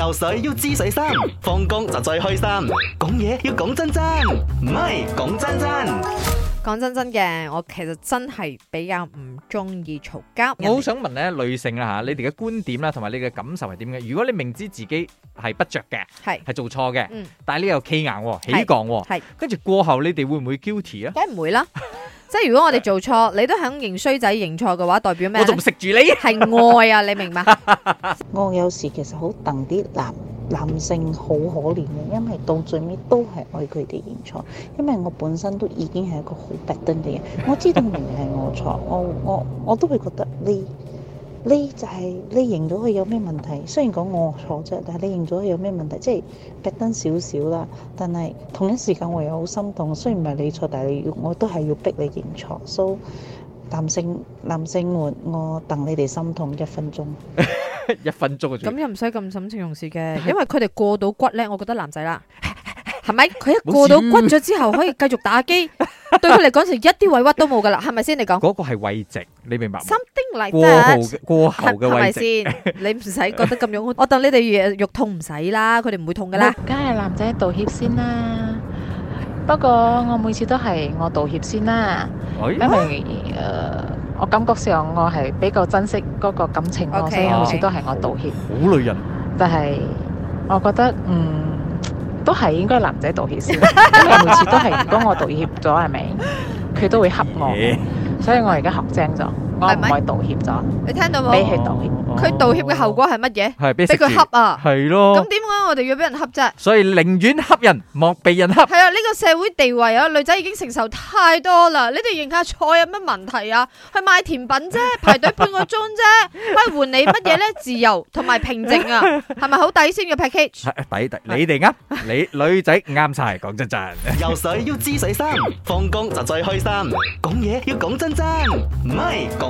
游水要知水深，放工就最開心。講嘢要講真真，唔係講真真。講真真嘅，我其實真係比較唔中意嘈交。我好想問咧，女性啦吓，你哋嘅觀點啦，同埋你嘅感受係點嘅？如果你明知自己係不着嘅，係係是做錯嘅，嗯、但係你又企硬，起降槓，跟住過後你哋會唔會 guilty 啊？梗唔會啦。即係如果我哋做錯，你都肯認衰仔認錯嘅話，代表咩？我仲食住你係 愛啊！你明白嗎？ 我有時其實好戥啲男男性好可憐嘅，因為到最尾都係愛佢哋認錯，因為我本身都已經係一個好 bad 嘅人，我知道明係我錯，我我我都會覺得你。呢就係你認咗佢有咩問題？雖然講我錯啫，但係你認咗佢有咩問題？即係跌得少少啦，但係同一時間我又好心痛。雖然唔係你錯，但係我都係要逼你認錯。So，男性男性們，我等你哋心痛一分鐘， 一分鐘咁、啊、又唔使咁感情用事嘅，因為佢哋過到骨咧，我覺得男仔啦，係咪佢一過到骨咗之後沒事 可以繼續打機？對佢嚟講時一啲委屈都冇噶啦，係咪先你講？嗰個係慰藉，你明白？Something like that，過後過後嘅慰藉，你唔使覺得咁樣，我我當你哋肉痛唔使啦，佢哋唔會痛噶啦。梗係男仔道歉先啦，不過我每次都係我道歉先啦，因為誒我感覺上我係比較珍惜嗰個感情，所以我每次都係我道歉。好女人，但係我覺得嗯。都係應該男仔道歉先，因為每次都係當我道歉咗，係咪？佢都會恰我，所以我而家學精咗。係咪道歉咋？你聽到冇？俾佢道歉，佢道歉嘅後果係乜嘢？係俾佢恰啊！係咯。咁點解我哋要俾人恰啫？所以寧願恰人，莫被人恰。係啊！呢個社會地位啊，女仔已經承受太多啦。你哋認下錯有乜問題啊？去買甜品啫，排隊半個鐘啫，可以換你乜嘢咧？自由同埋平靜啊，係咪好抵先嘅 package？抵抵，你哋啱，你女仔啱晒，講真真。游水要知水深，放工就最開心。講嘢要講真真，唔係講。